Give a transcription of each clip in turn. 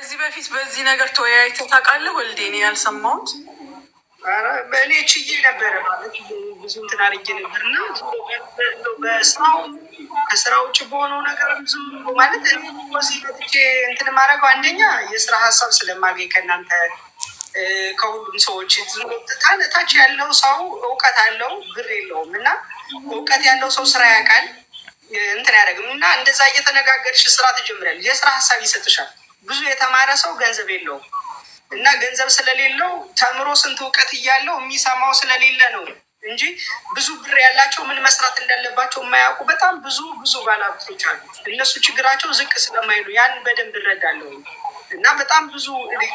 ከዚህ በፊት በዚህ ነገር ተወያይተህ ታውቃለህ? ወልዴ እኔ ያልሰማሁት በእኔ ችዬ ነበረ ማለት ብዙ እንትን አድርጌ ነበር እና በስራው ከስራ ውጭ በሆነው ነገር ብዙ ማለት ዚህ በትቼ እንትን ማድረገው አንደኛ የስራ ሀሳብ ስለማገኝ ከእናንተ ከሁሉም ሰዎች ታች ያለው ሰው እውቀት አለው ብር የለውም እና እውቀት ያለው ሰው ስራ ያውቃል እንትን ያደረግም እና እንደዛ እየተነጋገርሽ ስራ ትጀምሪያለሽ። የስራ ሀሳብ ይሰጥሻል። ብዙ የተማረ ሰው ገንዘብ የለውም እና ገንዘብ ስለሌለው ተምሮ ስንት እውቀት እያለው የሚሰማው ስለሌለ ነው እንጂ ብዙ ብር ያላቸው ምን መስራት እንዳለባቸው የማያውቁ በጣም ብዙ ብዙ ባለሀብቶች አሉ። እነሱ ችግራቸው ዝቅ ስለማይሉ ያን በደንብ እረዳለሁ እና በጣም ብዙ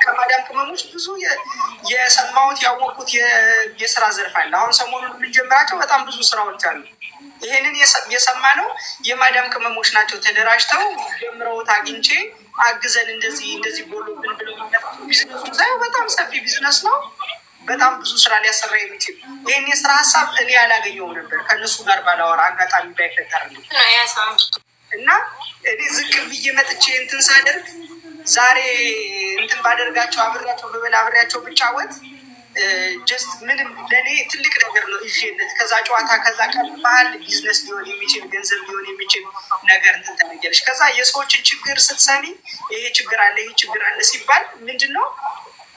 ከማዳም ቅመሞች ብዙ የሰማሁት ያወቁት የስራ ዘርፍ አለ። አሁን ሰሞኑን የምንጀምራቸው በጣም ብዙ ስራዎች አሉ። ይሄንን የሰማ ነው የማዳም ቅመሞች ናቸው ተደራጅተው ጀምረውት አግኝቼ አግዘን እንደዚህ እንደዚህ ጎሎብን ብለው ቢዝነሱ ዛ በጣም ሰፊ ቢዝነስ ነው። በጣም ብዙ ስራ ሊያሰራ የሚችል ይህን የስራ ሀሳብ እኔ ያላገኘው ነበር ከእነሱ ጋር ባላወራ አጋጣሚ ባይፈጠር እና እኔ ዝቅ ብዬ መጥቼ እንትን ሳደርግ ዛሬ እንትን ባደርጋቸው አብሬያቸው ብበላ አብሬያቸው ብጫወት ጀስት ምንም ለእኔ ትልቅ ነገር ነው። እዥነት ከዛ ጨዋታ ከዛ ቀን ባህል ቢዝነስ ሊሆን የሚችል ገንዘብ ሊሆን የሚችል ነገር እንትን ከዛ የሰዎችን ችግር ስትሰሚ ይሄ ችግር አለ ይሄ ችግር አለ ሲባል ምንድን ነው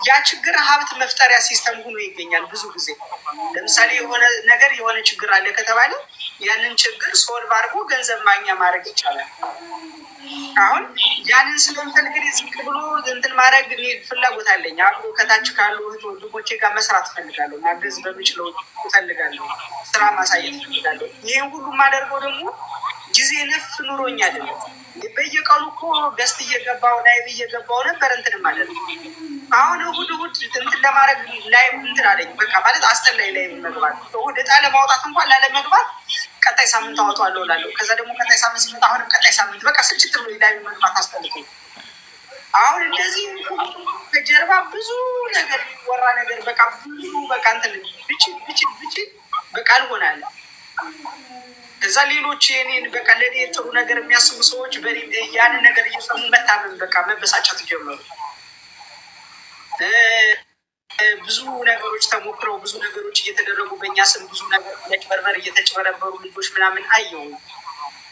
ያ ችግር ሀብት መፍጠሪያ ሲስተም ሆኖ ይገኛል። ብዙ ጊዜ ለምሳሌ የሆነ ነገር የሆነ ችግር አለ ከተባለ ያንን ችግር ሶልቭ አድርጎ ገንዘብ ማግኛ ማድረግ ይቻላል። አሁን ያንን ስለምፈልግ ዝቅ ብሎ እንትን ማድረግ ፍላጎት አለኝ። አብሮ ከታች ካሉ ወንድሞቼ ጋር መስራት ፈልጋለሁ፣ ማገዝ በምችለው ፈልጋለሁ፣ ስራ ማሳየት ፈልጋለሁ። ይህን ሁሉ ማደርገው ደግሞ ጊዜ ልፍ ኑሮኛ ደግሞ በየቀኑ እኮ ገስት እየገባው ላይቭ እየገባው ነበር እንትን ማለት ነው። አሁን እሁድ እሁድ እንትን ለማድረግ ላይ እንትን አለኝ በቃ ማለት አስጠላይ ላይ መግባት እሁድ እጣ ለማውጣት እንኳን ላለመግባት ቀጣይ ሳምንት አወጣዋለሁ እላለሁ። ከዛ ደግሞ ቀጣይ ሳምንት ሲመጣ አሁንም ቀጣይ ሳምንት በቃ ስልችት ብሎ ላይ መግባት አስጠልቶ አሁን እንደዚህ ከጀርባ ብዙ ነገር ወራ ነገር በቃ ብዙ በቃ እንትን ብችል ብችል ብችል በቃ አልሆናለ ከዛ ሌሎች የኔን በቃ ለእኔ ጥሩ ነገር የሚያስቡ ሰዎች ያን ነገር እየሰሙ መታመን በቃ መበሳጨት ጀመሩ። ብዙ ነገሮች ተሞክረው ብዙ ነገሮች እየተደረጉ በእኛ ስም ብዙ ነገር መጭበርበር እየተጭበረበሩ ልጆች ምናምን አየው።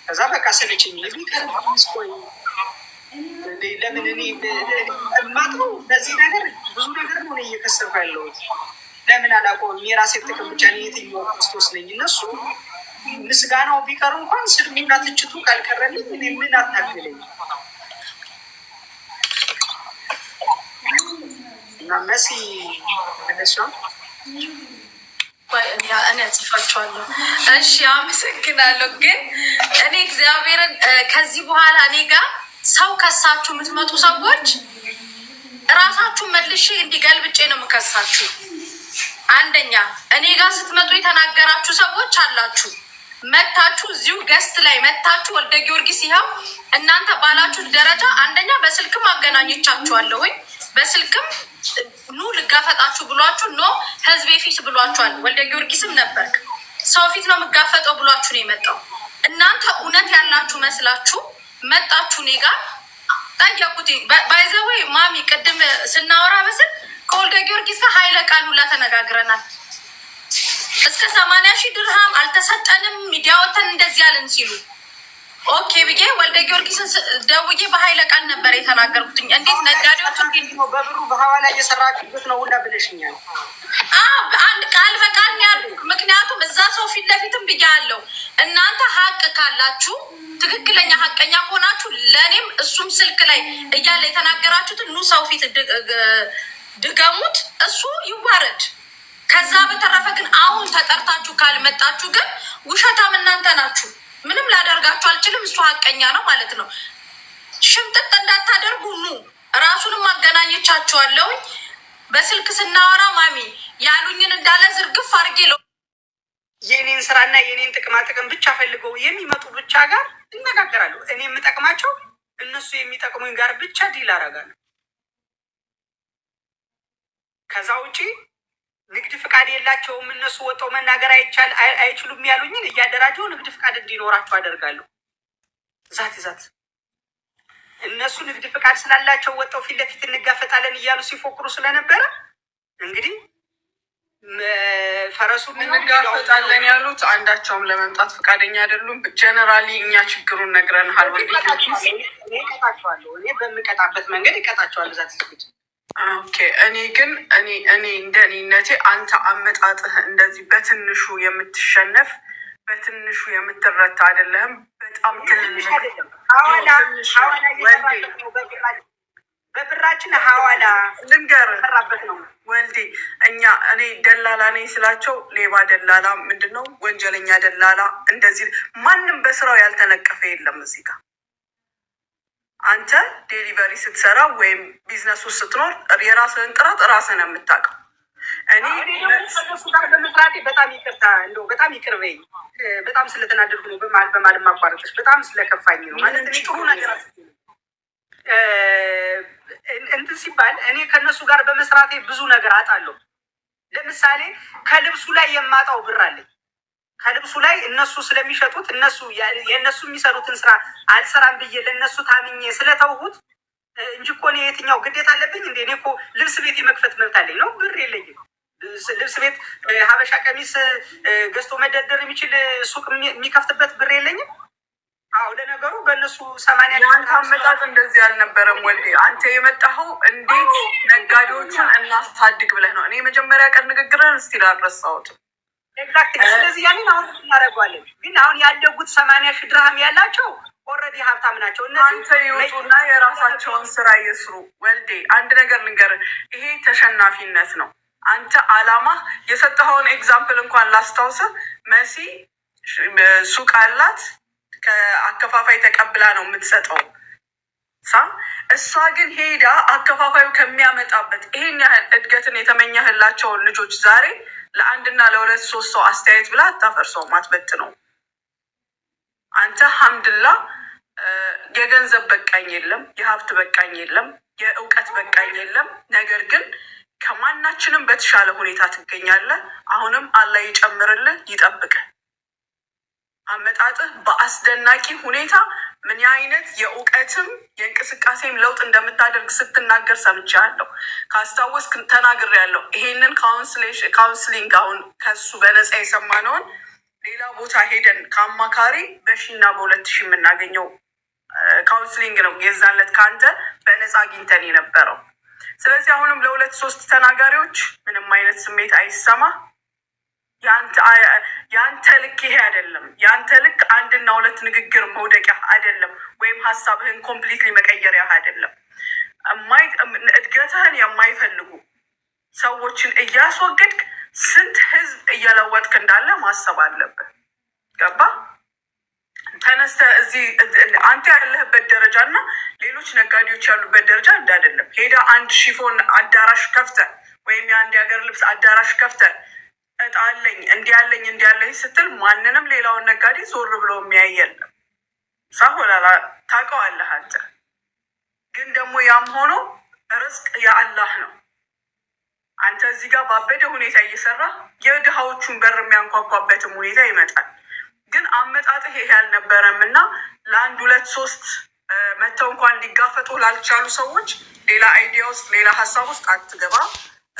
ከዛ በቃ ሰለቸኝ። ቆይ ለምን እኔ በዚህ ነገር ብዙ ነገር ነው እየከሰርኩ ያለሁት ለምን አላቆም የራሴ ጥቅም ብቻ የትኛው ክርስቶስ ነኝ እነሱ ምስጋናው ቢቀር እንኳን ስድቡና ትችቱ ካልቀረልኝ እኔ ምን አታገለኝ እና መሲ መለሷ እኔ ጽፋቸዋለሁ። እሺ አመሰግናለሁ። ግን እኔ እግዚአብሔርን ከዚህ በኋላ እኔ ጋር ሰው ከሳችሁ የምትመጡ ሰዎች እራሳችሁ መልሼ እንዲገልብጬ ነው የምከሳችሁ። አንደኛ እኔ ጋር ስትመጡ የተናገራችሁ ሰዎች አላችሁ መታችሁ እዚሁ ገስት ላይ መታችሁ ወልደ ጊዮርጊስ ይኸው እናንተ ባላችሁ ደረጃ አንደኛ በስልክም ወይ በስልክም ኑ ልጋፈጣችሁ ብሏችሁ ኖ ህዝቤ ፊት ብሏችኋል። ወልደ ጊዮርጊስም ነበርክ ሰው ፊት ነው የምጋፈጠው ብሏችሁ ነው የመጣው። እናንተ እውነት ያላችሁ መስላችሁ መጣችሁ እኔ ጋር ጠየቁት። ባይዘዌ ማሚ ቅድም ስናወራ በስል ከወልደ ጊዮርጊስ ጋር ሀይለ ቃል ሁላ ተነጋግረናል። እስከ ሰማንያ ሺህ ድርሃም አልተሰጠንም ሚዲያ እንደዚህ አለን ሲሉ ኦኬ ብዬ ወልደ ጊዮርጊስን ደውዬ በሀይለ ቃል ነበር የተናገርኩትኝ። እንዴት ነጋዴዎቹ በብሩ በሀዋላ እየሰራችበት ነው ሁላ ብለሽኛል። አንድ ቃል በቃል ያሉ ምክንያቱም እዛ ሰው ፊት ለፊትም ብዬ አለው። እናንተ ሀቅ ካላችሁ ትክክለኛ ሀቀኛ ከሆናችሁ ለእኔም እሱም ስልክ ላይ እያለ የተናገራችሁትን ኑ ሰው ፊት ድገሙት። እሱ ይዋረድ። ከዛ በተረፈ ግን አሁን ተጠርታችሁ ካልመጣችሁ ግን ውሸታም እናንተ ናችሁ። ምንም ላደርጋችሁ አልችልም። እሱ ሀቀኛ ነው ማለት ነው። ሽምጥጥ እንዳታደርጉ ኑ። ራሱንም አገናኘቻችኋለሁኝ። በስልክ ስናወራ ማሚ ያሉኝን እንዳለ ዝርግፍ አድርጌ ለው የኔን ስራና የኔን ጥቅማ ጥቅም ብቻ ፈልገው የሚመጡ ብቻ ጋር እነጋገራለሁ። እኔ የምጠቅማቸው እነሱ የሚጠቅሙኝ ጋር ብቻ ዲል አደርጋለሁ። ከዛ ውጪ ንግድ ፍቃድ የላቸውም እነሱ ወጠው መናገር አይቻል አይችሉም ያሉኝን እያደራጀው ንግድ ፍቃድ እንዲኖራቸው አደርጋለሁ። ዛት ዛት እነሱ ንግድ ፍቃድ ስላላቸው ወጠው ፊት ለፊት እንጋፈጣለን እያሉ ሲፎክሩ ስለነበረ እንግዲህ ፈረሱ እንጋፈጣለን ያሉት አንዳቸውም ለመምጣት ፈቃደኛ አይደሉም። ጀነራሊ እኛ ችግሩን ነግረንሃል። እኔ እቀጣቸዋለሁ። እኔ በምቀጣበት መንገድ እቀጣቸዋለሁ። ዛት ኦኬ እኔ ግን እኔ እኔ እንደ እኔነቴ አንተ አመጣጥህ እንደዚህ በትንሹ የምትሸነፍ በትንሹ የምትረታ አይደለህም። በጣም ትንሽ ሐዋላ ሐዋላ በብራችን በብራችን ሐዋላ ሰራበት ነው። ወልዴ እኛ እኔ ደላላ ነኝ ስላቸው ሌባ ደላላ ምንድን ነው ወንጀለኛ ደላላ እንደዚህ ማንም በስራው ያልተነቀፈ የለም እዚህ ጋር አንተ ዴሊቨሪ ስትሰራ ወይም ቢዝነሱ ስትኖር የራስህን ጥራት ራስህ ነው የምታውቀው። እኔ በመስራቴ በጣም ይቅርታ እንደው በጣም ይቅርበኝ፣ በጣም ስለተናደድኩ ነው በማል ማቋረጥሽ በጣም ስለከፋኝ ነው ማለት እኔ ጥሩ ነገር እንትን ሲባል እኔ ከእነሱ ጋር በመስራቴ ብዙ ነገር አጣለሁ። ለምሳሌ ከልብሱ ላይ የማጣው ብር አለኝ ከልብሱ ላይ እነሱ ስለሚሸጡት እነሱ የእነሱ የሚሰሩትን ስራ አልሰራም ብዬ ለእነሱ ታምኜ ስለተውሁት እንጂ እኮ እኔ የትኛው ግዴታ አለብኝ እንዴ? እኔ እኮ ልብስ ቤት የመክፈት መብት አለኝ ነው ብር የለኝም። ልብስ ቤት ሀበሻ ቀሚስ ገዝቶ መደርደር የሚችል ሱቅ የሚከፍትበት ብር የለኝም። አዎ ለነገሩ በእነሱ ሰማንያ አንተ አመጣጥ እንደዚህ አልነበረም ወልዴ። አንተ የመጣኸው እንዴት ነጋዴዎችን እናስታድግ ብለህ ነው። እኔ የመጀመሪያ ቀን ንግግርን እስቲ ላልረሳሁትም ኤግዛክትሊ። ስለዚህ ያንን አሁን እናደርገዋለን። ግን አሁን ያደጉት ሰማንያ ሺህ ድርሃም ያላቸው ኦልሬዲ ሀብታም ናቸው። አንተ ይወጡና የራሳቸውን ስራ ይስሩ። ወልዴ አንድ ነገር ልንገር፣ ይሄ ተሸናፊነት ነው። አንተ አላማ የሰጠኸውን ኤግዛምፕል እንኳን ላስታውስ። መሲ ሱቅ አላት፣ ከአከፋፋይ ተቀብላ ነው የምትሰጠው ሳ እሷ ግን ሄዳ አከፋፋዩ ከሚያመጣበት ይሄን ያህል እድገትን የተመኘህላቸውን ልጆች ዛሬ ለአንድና ለሁለት ሶስት ሰው አስተያየት ብላ አታፈርሰው ማትበት ነው። አንተ ሀምድላ የገንዘብ በቃኝ የለም፣ የሀብት በቃኝ የለም፣ የእውቀት በቃኝ የለም። ነገር ግን ከማናችንም በተሻለ ሁኔታ ትገኛለህ። አሁንም አላህ ይጨምርልህ፣ ይጠብቅህ። አመጣጥህ በአስደናቂ ሁኔታ ምን አይነት የእውቀትም የእንቅስቃሴም ለውጥ እንደምታደርግ ስትናገር ሰምቻለሁ። ካስታወስክ ያለው ይሄንን ካውንስሊንግ አሁን ከሱ በነፃ የሰማነውን ሌላ ቦታ ሄደን ከአማካሪ በሺና በሁለት ሺ የምናገኘው ካውንስሊንግ ነው። የዛለት ከአንተ በነፃ አግኝተን የነበረው። ስለዚህ አሁንም ለሁለት ሶስት ተናጋሪዎች ምንም አይነት ስሜት አይሰማ ያንተ ልክ ይሄ አይደለም፣ ያንተ ልክ አንድና ሁለት ንግግር መውደቂያ አይደለም፣ ወይም ሀሳብህን ኮምፕሊትሊ መቀየሪያ አይደለም። እድገትህን የማይፈልጉ ሰዎችን እያስወገድክ ስንት ህዝብ እየለወጥክ እንዳለ ማሰብ አለብህ። ገባ? ተነስተ እዚህ አንተ ያለህበት ደረጃ እና ሌሎች ነጋዴዎች ያሉበት ደረጃ እንዳይደለም ሄዳ አንድ ሺፎን አዳራሽ ከፍተ ወይም የአንድ የሀገር ልብስ አዳራሽ ከፍተ እጣ አለኝ እንዲህ ያለኝ እንዲህ ያለኝ ስትል ማንንም ሌላውን ነጋዴ ዞር ብሎ የሚያይ የለም። ሳሆላላ ታውቀዋለህ አንተ። ግን ደግሞ ያም ሆኖ ርዝቅ የአላህ ነው። አንተ እዚህ ጋር ባበደ ሁኔታ እየሰራ የድሃዎቹን በር የሚያንኳኳበትም ሁኔታ ይመጣል። ግን አመጣጥህ ይሄ አልነበረም እና ለአንድ ሁለት ሶስት መተው እንኳን ሊጋፈጡ ላልቻሉ ሰዎች ሌላ አይዲያ ውስጥ ሌላ ሀሳብ ውስጥ አትገባ።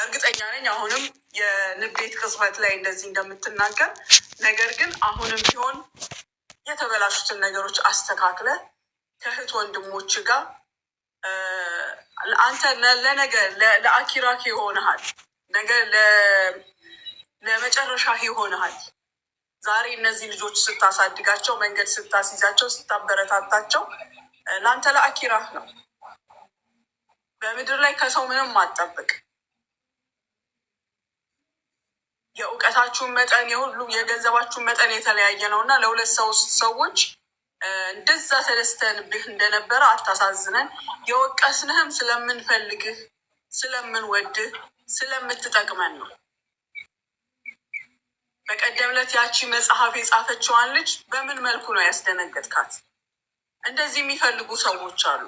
እርግጠኛ ነኝ አሁንም የንቤት ቅጽበት ላይ እንደዚህ እንደምትናገር። ነገር ግን አሁንም ቢሆን የተበላሹትን ነገሮች አስተካክለ ከእህት ወንድሞች ጋር አንተ ለነገ ለአኪራክ ይሆንሃል፣ ነገ ለመጨረሻ ይሆንሃል። ዛሬ እነዚህ ልጆች ስታሳድጋቸው፣ መንገድ ስታስይዛቸው፣ ስታበረታታቸው ለአንተ ለአኪራህ ነው። በምድር ላይ ከሰው ምንም አትጠብቅ። የእውቀታችሁን መጠን የሁሉ የገንዘባችሁን መጠን የተለያየ ነው እና ለሁለት ሰው ሰዎች እንደዛ ተደስተንብህ እንደነበረ አታሳዝነን። የወቀስንህም ስለምንፈልግህ፣ ስለምንወድህ፣ ስለምትጠቅመን ነው። በቀደም ዕለት ያቺ መጽሐፍ የጻፈችዋን ልጅ በምን መልኩ ነው ያስደነገጥካት? እንደዚህ የሚፈልጉ ሰዎች አሉ።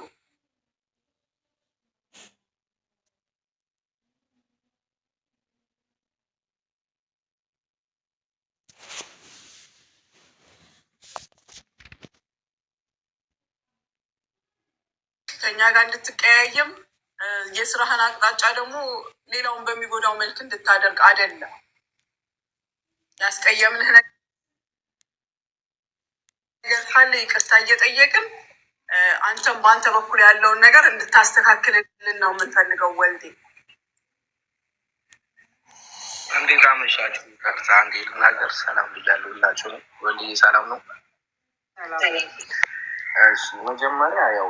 ከኛ ጋር እንድትቀያየም የስራህን አቅጣጫ ደግሞ ሌላውን በሚጎዳው መልክ እንድታደርግ አይደለም። ያስቀየምንህ ነገር ካለ ይቅርታ እየጠየቅን አንተም በአንተ በኩል ያለውን ነገር እንድታስተካክልልን ነው የምንፈልገው። ወልዴ እንዴት አመሻችሁ? ቀርታ እንዴ ልናገር። ሰላም ብያለሁ ሁላችሁም። ወልዴ ሰላም ነው። መጀመሪያ ያው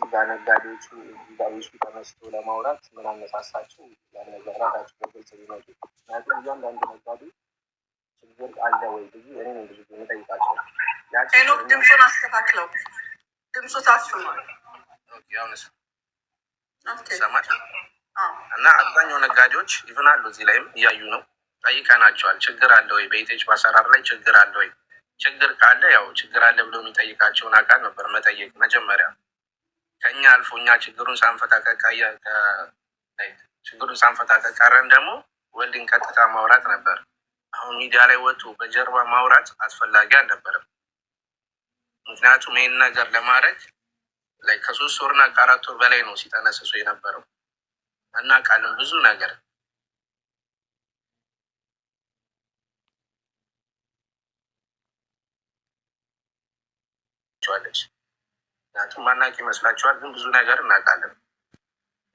ነጋዴዎች ለነጋዴዎቹ ዳዎች ተነስቶ ለማውራት ምን አነሳሳቸው? ለነገራታቸው በግልጽ ሊመጡ ምክንያቱም እያንዳንዱ ነጋዴ ችግር አለ ወይ ብዙ እኔ ነው ብዙ የሚጠይቃቸው ኖክ ድምፁን አስተካክለው ድምፁ ታስማል እና አብዛኛው ነጋዴዎች ይሆናሉ። እዚህ ላይም እያዩ ነው ጠይቀናቸዋል። ችግር አለ ወይ በኢቴች በአሰራር ላይ ችግር አለ ወይ? ችግር ካለ ያው ችግር አለ ብሎ የሚጠይቃቸውን አካል ነበር መጠየቅ መጀመሪያ ከኛ አልፎ እኛ ችግሩን ሳንፈታ ከቃያ ችግሩን ሳንፈታ ከቀረን ደግሞ ወልድን ቀጥታ ማውራት ነበር። አሁን ሚዲያ ላይ ወጡ በጀርባ ማውራት አስፈላጊ አልነበረም። ምክንያቱም ይህን ነገር ለማድረግ ላይ ከሶስት ወርና ከአራት ወር በላይ ነው ሲጠነስሱ የነበረው እና ቃልም ብዙ ነገር ቸዋለች ምክንያቱም ማናቂ ይመስላችኋል፣ ግን ብዙ ነገር እናውቃለን።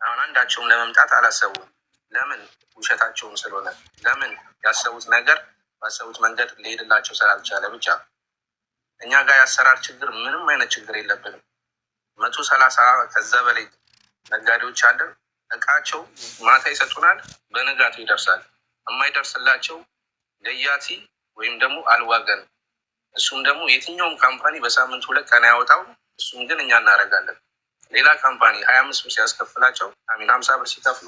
አሁን አንዳቸውም ለመምጣት አላሰቡም። ለምን? ውሸታቸውም ስለሆነ። ለምን? ያሰቡት ነገር ባሰቡት መንገድ ሊሄድላቸው ስላልቻለ ብቻ። እኛ ጋር የአሰራር ችግር ምንም አይነት ችግር የለብንም። መቶ ሰላሳ ከዛ በላይ ነጋዴዎች አለን። እቃቸው ማታ ይሰጡናል፣ በንጋቱ ይደርሳል። የማይደርስላቸው ገያቲ ወይም ደግሞ አልዋገን እሱም ደግሞ የትኛውም ካምፓኒ በሳምንት ሁለት ቀን ያወጣው እሱም ግን እኛ እናደርጋለን። ሌላ ካምፓኒ ሀያ አምስት ብር ሲያስከፍላቸው ሚን ሀምሳ ብር ሲከፍሉ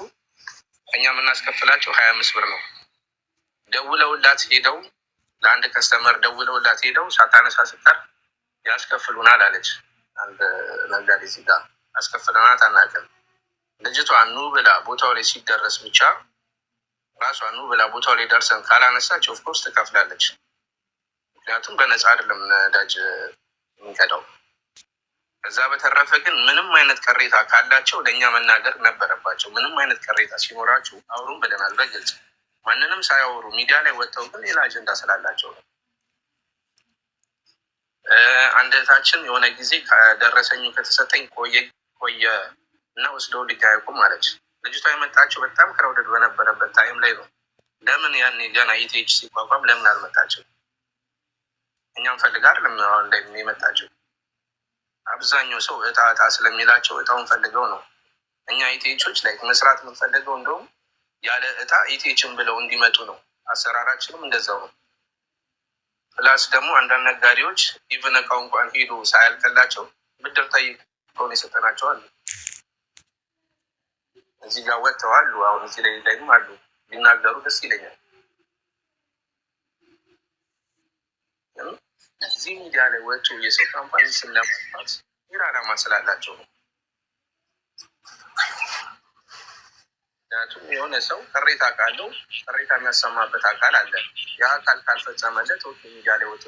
እኛ የምናስከፍላቸው ሀያ አምስት ብር ነው። ደውለውላት ሄደው ለአንድ ከስተመር ደውለውላት ሄደው ሳታነሳ ስቀር ያስከፍሉናል አለች። አንድ ነጋዴ ዜጋ አስከፍለናት አናውቅም። ልጅቷ ኑ ብላ ቦታው ላይ ሲደረስ ብቻ ራሷ ኑ ብላ ቦታው ላይ ደርሰን ካላነሳች ኦፍኮርስ ትከፍላለች። ምክንያቱም በነፃ አይደለም ነዳጅ የሚቀዳው። ከዛ በተረፈ ግን ምንም አይነት ቅሬታ ካላቸው ለእኛ መናገር ነበረባቸው። ምንም አይነት ቅሬታ ሲኖራቸው አውሩም ብለናል በግልጽ ማንንም ሳያወሩ ሚዲያ ላይ ወጥተው ግን ሌላ አጀንዳ ስላላቸው ነው። አንድ እህታችን የሆነ ጊዜ ከደረሰኙ ከተሰጠኝ ቆየ ቆየ እና ወስደው ልጅ ማለች። ልጅቷ የመጣቸው በጣም ክረውደድ በነበረበት ታይም ላይ ነው። ለምን ያኔ ገና ኢቲኤች ሲቋቋም ለምን አልመጣቸው? እኛም ፈልጋል ለምን አሁን ላይ የመጣቸው አብዛኛው ሰው እጣ እጣ ስለሚላቸው እጣውን ፈልገው ነው። እኛ ኢቴቾች ላይ መስራት የምንፈልገው እንደውም ያለ እጣ ኢቴችን ብለው እንዲመጡ ነው። አሰራራችንም እንደዛው ነው። ፕላስ ደግሞ አንዳንድ ነጋዴዎች ኢቨን እቃው እንኳን ሄዶ ሳያልቅላቸው ብድር ጠይቀውን የሰጠናቸዋል። እዚህ ጋር ወጥተዋሉ። አሁን እዚህ ላይ ደግሞ አሉ ሊናገሩ ደስ ይለኛል። እዚህ ሚዲያ ላይ ወጡ የሰው ካምፓኒ ስም ለማጥፋት ይህ አላማ ስላላቸው ነው። ምክንያቱም የሆነ ሰው ቅሬታ ካለው ቅሬታ የሚያሰማበት አካል አለ። ያ አካል ካልፈጸመለት ሚዲያ ላይ ወጡ